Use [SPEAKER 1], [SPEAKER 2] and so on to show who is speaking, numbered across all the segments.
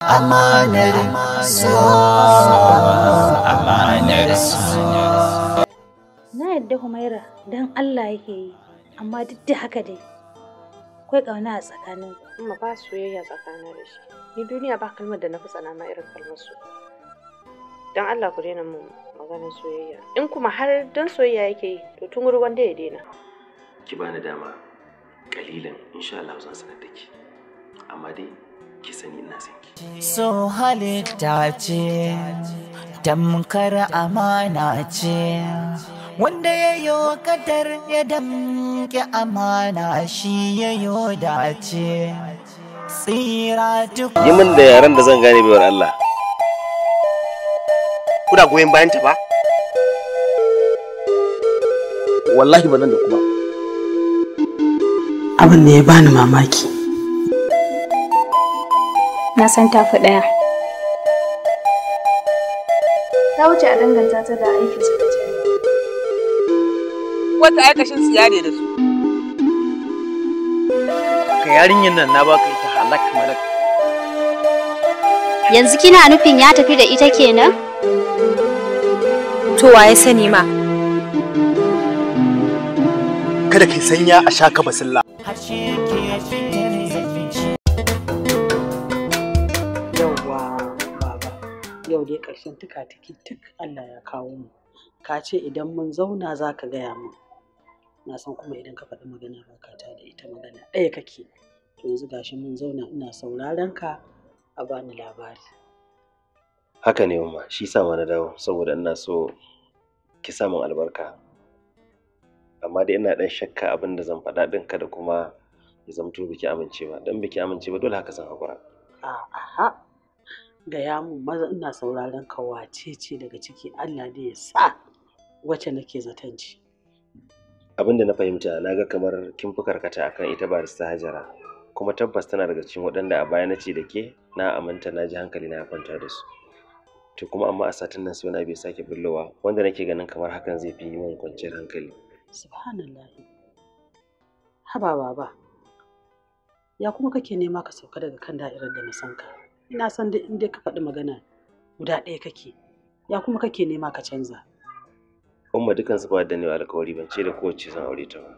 [SPEAKER 1] Na
[SPEAKER 2] yadda Humaira don Allah yake yi, amma duk da haka dai, kai ƙauna a tsakanin. Amma ba soyayya tsakanin da shi. Ni duniya ba kalmar da na fi tsana ma irin kalmar su. Don Allah ku daina mun maganar soyayya. In kuma har don soyayya yake yi, to tun wuri wanda ya daina.
[SPEAKER 3] Ki bani dama, kalilan insha Allah zan sanar da ki. Amma dai ki sani ina sai.
[SPEAKER 4] so halitta ce tamkar amana ce wanda ya yi kadar ya damke amana shi ya yi dace tsira tukun yi min da yaren
[SPEAKER 3] da zan gane biyar Allah kuna goyon bayan ta ba
[SPEAKER 4] wallahi ba nan da kuma abin da ya bani mamaki
[SPEAKER 2] na san ta fi ɗaya. Ta wuce a danganta ta da aikin su Wata aikashin su yare da su.
[SPEAKER 5] Ka yarinyar nan na baka ita halak malak.
[SPEAKER 1] Yanzu kina nufin ya tafi da ita kenan? To waye
[SPEAKER 2] sani ma.
[SPEAKER 5] Kada ki sanya a sha ka basilla.
[SPEAKER 4] harka take duk Allah ya kawo mu ka ce idan mun zauna za ka gaya mu na san kuma idan ka faɗi magana ba ka ta da ita magana ɗaya kake to yanzu gashi mun zauna ina sauraron ka a bani labari
[SPEAKER 3] haka ne umma shi sa ma na dawo saboda ina so ki samun albarka amma dai ina ɗan shakka abin da zan faɗa ɗin da kuma ya zamto biki amincewa, don biki amincewa dole haka san hakura
[SPEAKER 4] a'a gaya mu maza ina sauraron ka wace ce daga ciki Allah da ya sa wacce nake zaton ci.
[SPEAKER 3] Abin na fahimta na ga kamar kin fi karkata akan ita barista Hajara kuma tabbas tana daga cikin waɗanda a baya na ce da ke na aminta na ji hankali na kwanta da su. To kuma amma a satin nan suna bai sake bullowa wanda nake ganin kamar hakan zai fi min kwanciyar hankali.
[SPEAKER 4] Subhanallah. Haba baba. Ya kuma kake nema ka sauka daga kan da'irar da na san ka. Ina san dai in dai ka faɗi magana guda ɗaya kake ya kuma kake nema ka canza
[SPEAKER 3] umma dukan su ba da ne alkawari ban ce da kowace zan aure ta ba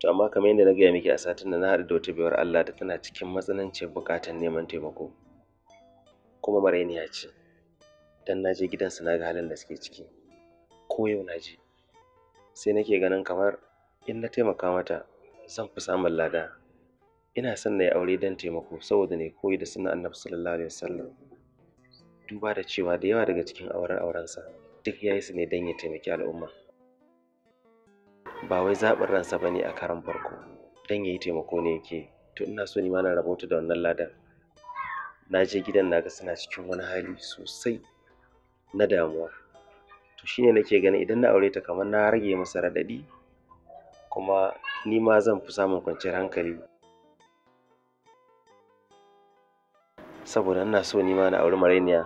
[SPEAKER 3] to amma kamar yadda na gaya miki a satin da na haɗu da wata baiwar Allah da tana cikin matsanancin buƙatar neman taimako kuma marainiya ce dan naje je gidansu na ga halin da suke ciki ko yau na je sai nake ganin kamar in na taimaka mata zan fi samun lada ina son na yi aure don taimako saboda ne koyi da sunan annabi sallallahu alaihi wasallam duba da cewa da yawa daga cikin auren aurensa duk ya yi su ne don ya taimaki al'umma ba wai zaɓin ransa ba ne a karan farko don ya yi taimako ne yake to ina so ni ma na rabauta da wannan ladan na je gidan na ga suna cikin wani hali sosai na damuwa to shine nake ganin idan na aure ta kamar na rage masa raɗaɗi kuma ni ma zan fi samun kwanciyar hankali saboda ina so ni ma na auri marainiya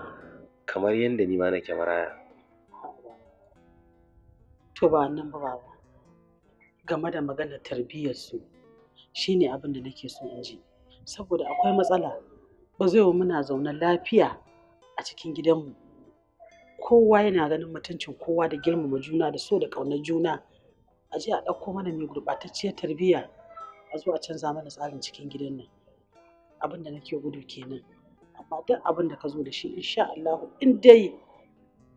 [SPEAKER 3] kamar yadda ni ma nake maraya
[SPEAKER 4] to ba nan ba baba game da maganar tarbiyyar su shine abin da nake so in ji saboda akwai matsala ba zai wa muna zaune lafiya a cikin gidanmu kowa yana ganin mutuncin kowa da girmama juna da so da ƙaunar juna a je a ɗauko mana mai gurɓatacciyar tarbiyya a zo a canza mana tsarin cikin gidan nan abin da nake gudu kenan ba duk abin da ka zo da shi insha Allah in dai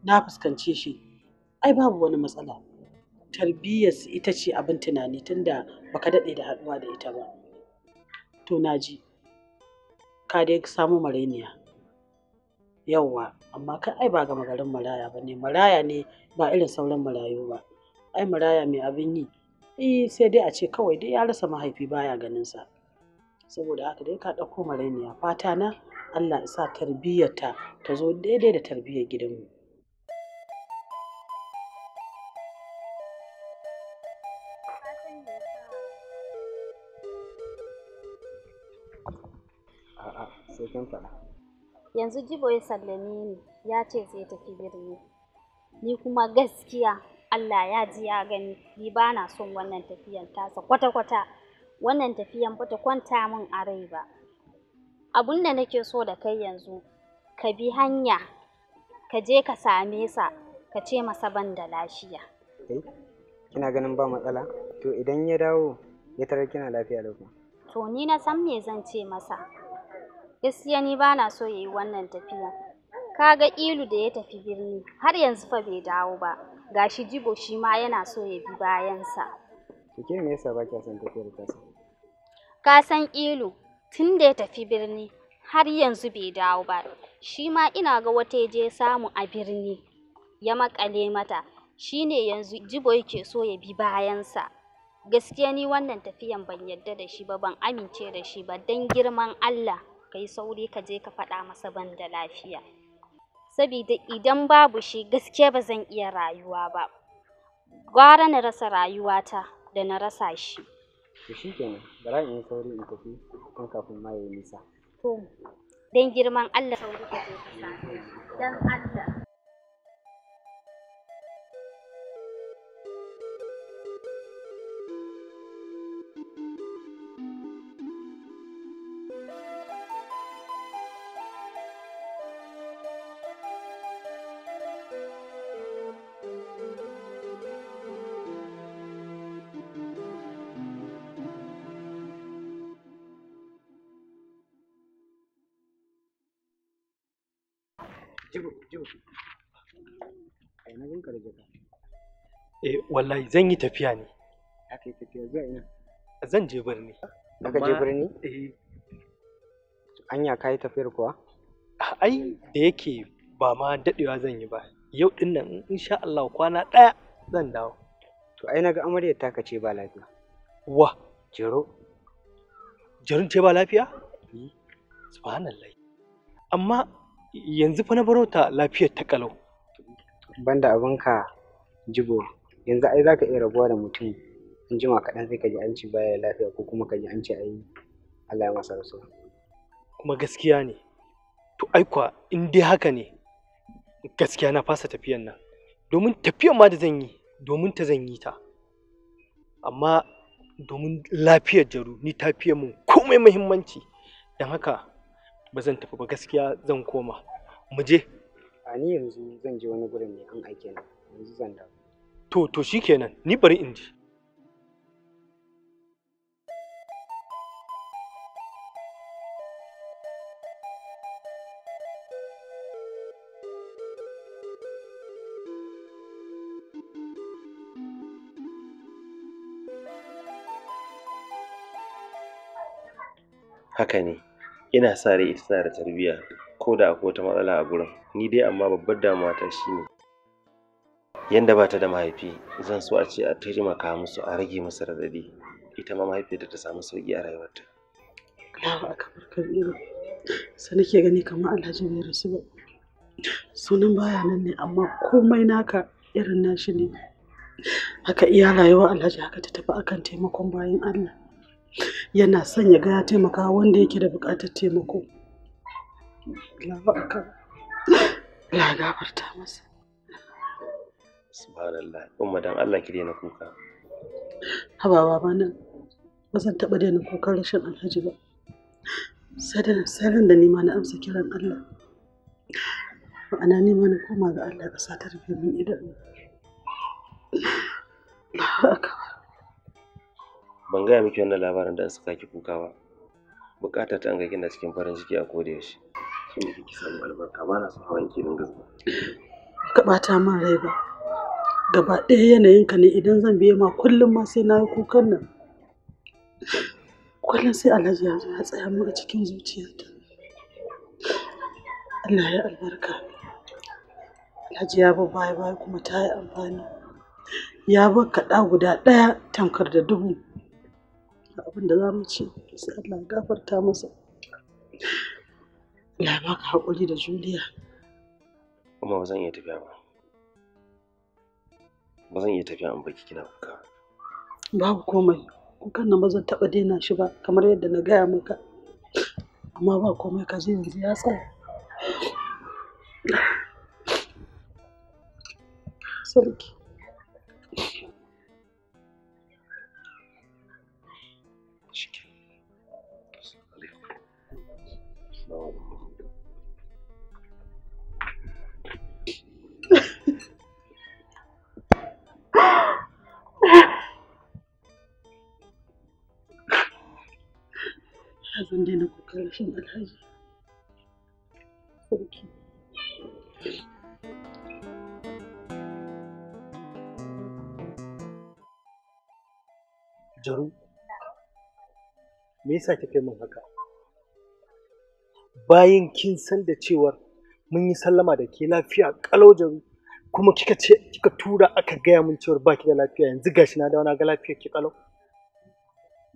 [SPEAKER 4] na fuskance shi ai babu wani matsala tarbiyyar ita ce abin tunani tunda baka daɗe da haɗuwa da ita ba to naji ka dai samu mareniya yawwa amma kai ai ba gama garin maraya ba ne maraya ne ba irin sauran marayu ba ai maraya mai abin yi eh sai dai a ce kawai dai ya rasa mahaifi baya ganin sa saboda haka dai ka ɗauko marainiya fata na Allah sa tarbiyyarta ta zo daidai da tarbiyyar gidanmu
[SPEAKER 1] yanzu jibo ya sallame ni ya ce zai tafi birni ni kuma gaskiya Allah ya ji ya gani ni ba na son wannan tafiyan tasa kwata-kwata wannan tafiyan bata kwanta min a rai ba abun da nake so da kai yanzu ka bi hanya ka je ka same sa ka ce masa ban da lafiya
[SPEAKER 4] eh, kina ganin ba matsala to idan ya dawo
[SPEAKER 1] ya tarar kina lafiya da kuma to ni na san me zan ce masa gaskiya ni ba na so yayi wannan tafiya ga ilu da ya tafi birni har yanzu fa bai dawo ba gashi jibo shi ma yana so ya bi bayansa to me yasa ba kya son tafiyar ka san ilu tun da ya tafi birni har yanzu bai dawo ba shi ma ina ga wata ya je samu a birni ya makale mata shi ne yanzu jibo yake so ya bi bayansa gaskiya ni wannan tafiyan ban yadda da shi ba ban amince da shi ba don girman Allah ka yi sauri ka je ka faɗa masa ban da lafiya sabida idan babu shi gaskiya ba zan iya rayuwa ba gwara na rasa rayuwata da na rasa shi to shikenan bara in sauri in tafi tun kafin ma yayi nisa to dan girman Allah sauri ka je ka dan Allah
[SPEAKER 5] Eh wallahi zan yi tafiya ne. yi tafiya zuwa ina? Zan je birni. Aka je birni? Eh. Anya ka yi tafiyar kuwa? Ai da yake ba ma daɗewa zan yi ba. Yau ɗin nan insha Allah kwana ɗaya zan dawo. To ai naga amaryar ta kace ba lafiya. Wa? Jero. Jerin ce ba lafiya? Eh. Subhanallah. Amma yanzu fa na baro ta lafiyar ta kalau banda abinka jibo yanzu ai zaka iya rabuwa da mutum in jima kaɗan sai ka ji an ce baya da lafiya ko kuma ka ji an ce ai Allah ya masa rasuwa kuma gaskiya ne to ai kuwa in dai haka ne gaskiya na fasa tafiyan nan domin tafiyan ma da zan yi domin ta zan yi ta amma domin lafiyar jaru ni tafiyar mun komai muhimmanci don haka ba zan tafi ba gaskiya zan koma mu je a ni yanzu zan je wani gurin ne an aike ni yanzu zan da to to shikenan ni bari in ji
[SPEAKER 3] haka ne ina sa rai ita tana da tarbiyya ko da akwai wata matsala a gurin ni dai amma babbar damuwa ta shine yanda ba ta da mahaifi zan so a ce a taimaka musu a rage musu radadi ita ma mahaifiyarta ta samu sauki a rayuwarta
[SPEAKER 4] Allahu akbar kabiru sai nake gani kamar Alhaji bai rasu ba sunan baya nan ne amma komai naka irin nashi ne haka iya rayuwa Alhaji haka ta tafi akan taimakon bayan Allah yana son ya ga ya taimaka wanda yake da buƙatar taimako Allah gafarta masa
[SPEAKER 3] subhanallah umma madan Allah ki daina kuka
[SPEAKER 4] haba ba nan ba zan taɓa daina kukan rashin alhaji ba sadan sadan da nima na amsa kiran Allah ma'ana nima na koma ga Allah ƙasa ta rufe min idanu Allah
[SPEAKER 3] ban gaya miki wannan labarin da suka ki kuka ba bukata ta ga kina cikin farin ciki a koda yaushe shine kike samu albarka ba na son hawan ki dinga zuwa
[SPEAKER 4] ka bata min rai ba gaba ɗaya yanayin ka ne idan zan biye ma kullum ma sai na yi kukan nan kullum sai alhaji ya zo ya tsaya mu a cikin zuciyarta Allah ya albarka alhaji ya bar baya baya kuma ta yi amfani ya bar kaɗa guda ɗaya tankar da dubu abin da za mu ce sai Allah ya gafarta masa ya baka haƙuri da juriya
[SPEAKER 3] kuma ba zan iya tafiya ba ba zan iya tafiya an baki kina kuka
[SPEAKER 4] babu komai kukan nan ba zan taɓa daina shi ba kamar yadda na gaya maka amma ba komai ka zai yanzu ya tsaya sarki kin daina
[SPEAKER 5] me yasa kika min haka bayan kin san da cewar mun yi sallama da ke lafiya kalau jaru kuma kika ce kika tura aka gaya min cewar ba ki da lafiya yanzu gashi na da wani ga lafiya ki kalau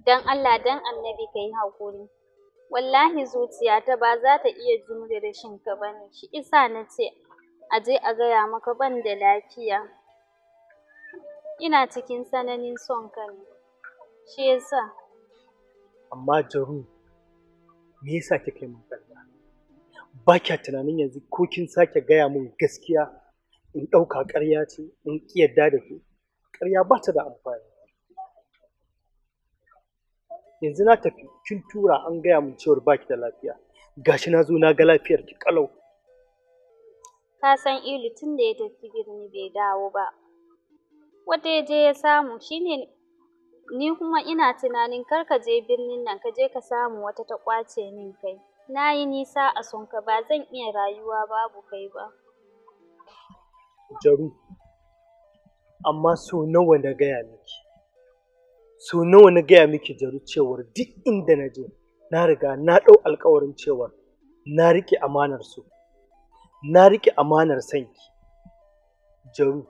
[SPEAKER 1] dan Allah dan annabi kai hakuri wallahi zuciyata ba za ta iya da rashin ka ne, shi isa na ce a je a gaya maka ban da lafiya ina cikin tsananin son ka ne shi yasa
[SPEAKER 5] amma jaru me yasa kai mun magana ba kya tunanin yanzu ko kin sake gaya min gaskiya in ɗauka ƙarya ce in ƙi da ke ƙarya ba ta da amfani yanzu na tafi kin tura an gaya mun cewar baki da lafiya gashi na zo na ga lafiyar ki kalau
[SPEAKER 1] ka san ilu tun da ya tafi birni bai dawo ba wata ya je ya samu shine ni kuma ina tunanin kar ka je birnin nan ka je ka samu wata ta kwace min kai na yi nisa a sonka ba zan iya rayuwa babu kai ba
[SPEAKER 5] jaru amma so nawa na gaya miki so nawa na gaya miki jaru cewar duk inda na je na riga na ɗau alkawarin cewar na riƙe amanar su na riƙe amanar sanki jaru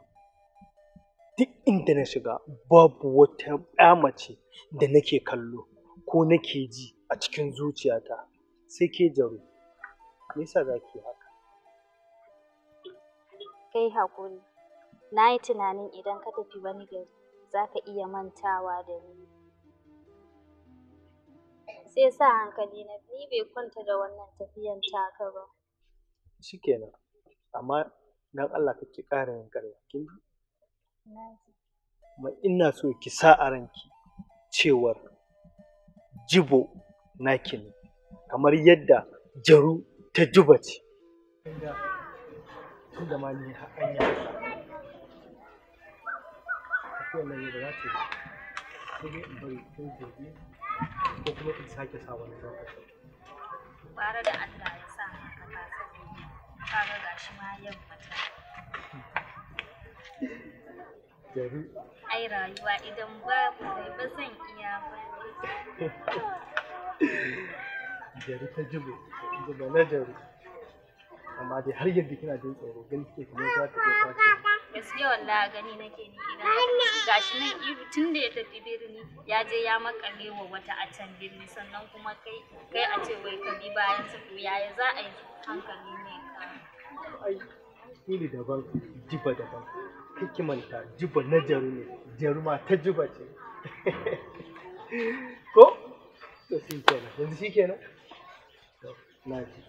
[SPEAKER 5] duk inda na shiga babu wata ƴa mace da nake kallo ko nake ji a cikin zuciyata sai ke jaru me yasa za ki haka
[SPEAKER 1] kai hakuri na yi tunanin idan ka tafi wani gari za ka iya mantawa da ni. Sai sa hankali na ni bai kwanta da wannan tafiyan taka ba.
[SPEAKER 5] Shi kenan, amma don Allah ka ki ƙara yin kin Kuma ina so ki sa a ranki cewar jibo naki ne, kamar yadda jaru ta jiba ce. Tunda ma ni ha'anya. lafiyar nan yau ba za ta yi in bari gobe ko kuma in sake sa wani lokacin.
[SPEAKER 1] da Allah ya sa mata. Jari. rayuwa idan babu sai ba zan iya ba.
[SPEAKER 5] Jari ta jibo, jibo na jari. amma dai har yadda kina jin tsoro gani kike kuma za ta iya kwace
[SPEAKER 1] gaskiya wallahi gani nake ni idan gashi nan iru tun da ya tafi birni ya je ya makale wa wata a can birni sannan kuma kai kai a ce wai ka bi bayan to yaya za a yi hankali ne ka
[SPEAKER 5] ai ili daban jiba daban kike manta jiba na jaru ne jaru ma ta jiba ce ko to shi yanzu shikenan to na ji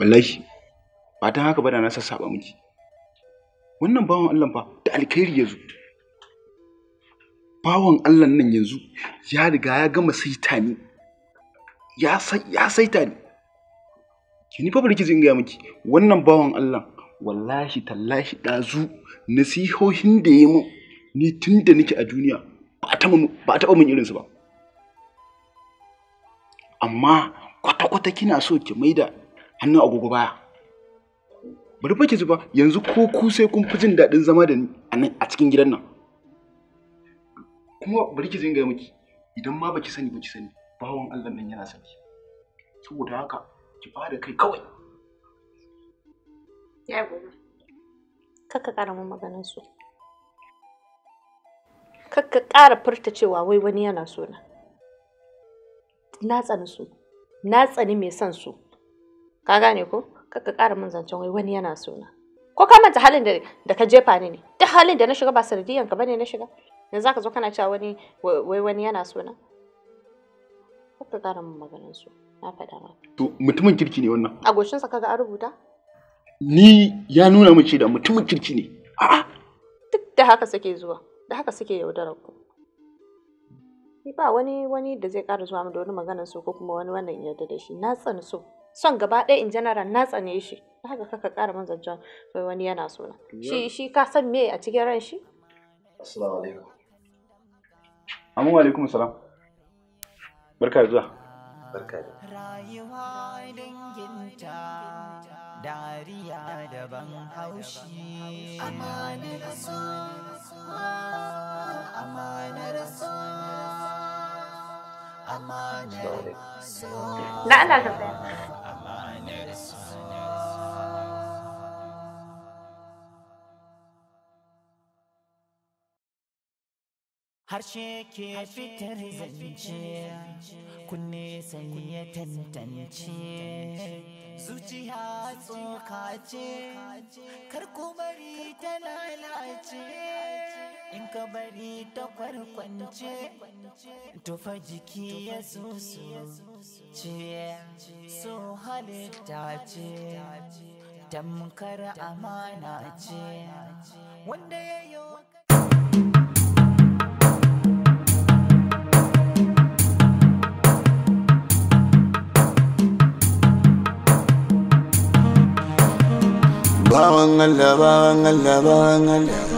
[SPEAKER 6] wallahi ba ta haka ba da na sassaba miki wannan bawan Allah fa da alkhairi ya bawan Allah nan yanzu ya riga ya gama saita sai ya saita ki ni fa bari ki zinga miki wannan bawan Allah wallahi tallahi dazu nasihohin da yi mun ni tun da nake a duniya ba a taɓa min su ba amma kwata-kwata kina so ki maida hannun agogo baya bari fa ki zuba yanzu ko ku sai kun fi jin daɗin zama da ni a nan a cikin gidan nan kuma bari ki zinga miki idan ma baki sani baki sani bawon Allah nan yana sani saboda haka ki bada kai kawai
[SPEAKER 2] ya gobe kakka ƙara mun maganin su kakka ƙara furta cewa wai wani yana so na na tsani su na tsani mai son su ka gane ko kaka ƙara min zancen wai wani yana suna ko ka manta halin da da ka jefa ni ne duk halin da na shiga ba sardiyan ka bane na shiga yanzu zaka zo kana cewa wani wai wani yana suna na kaka ƙara min maganar su na faɗa maka
[SPEAKER 6] to mutumin kirki ne wannan
[SPEAKER 2] a goshin sa kaga an rubuta
[SPEAKER 6] ni ya nuna min da mutumin kirki ne a'a
[SPEAKER 2] duk da haka suke zuwa da haka suke yaudarar ku ba wani wani da zai ƙara zuwa mu da wani maganar su ko kuma wani wannan yarda da shi na tsani so son gaba ɗaya in general na tsane shi haka kaka ƙara man zancen wai wani yana suna shi shi ka san me a cikin ran shi assalamu alaikum
[SPEAKER 6] amin wa alaikum salam barka da zuwa barka da rayuwa danginta
[SPEAKER 3] dariya da ban haushi amanar so
[SPEAKER 1] amanar so amanar so na ana ka
[SPEAKER 5] harshe ke fitar zance
[SPEAKER 4] kunne sai tantance
[SPEAKER 2] zuciya tsoka ce kar ku bari ta lalace in ka bari ta kwarkwance
[SPEAKER 5] tufa
[SPEAKER 4] jiki ya susu ce so halitta ce tamkar amana ce wanda ya yi
[SPEAKER 6] Bawan Allah, bawan Allah, bawan Allah.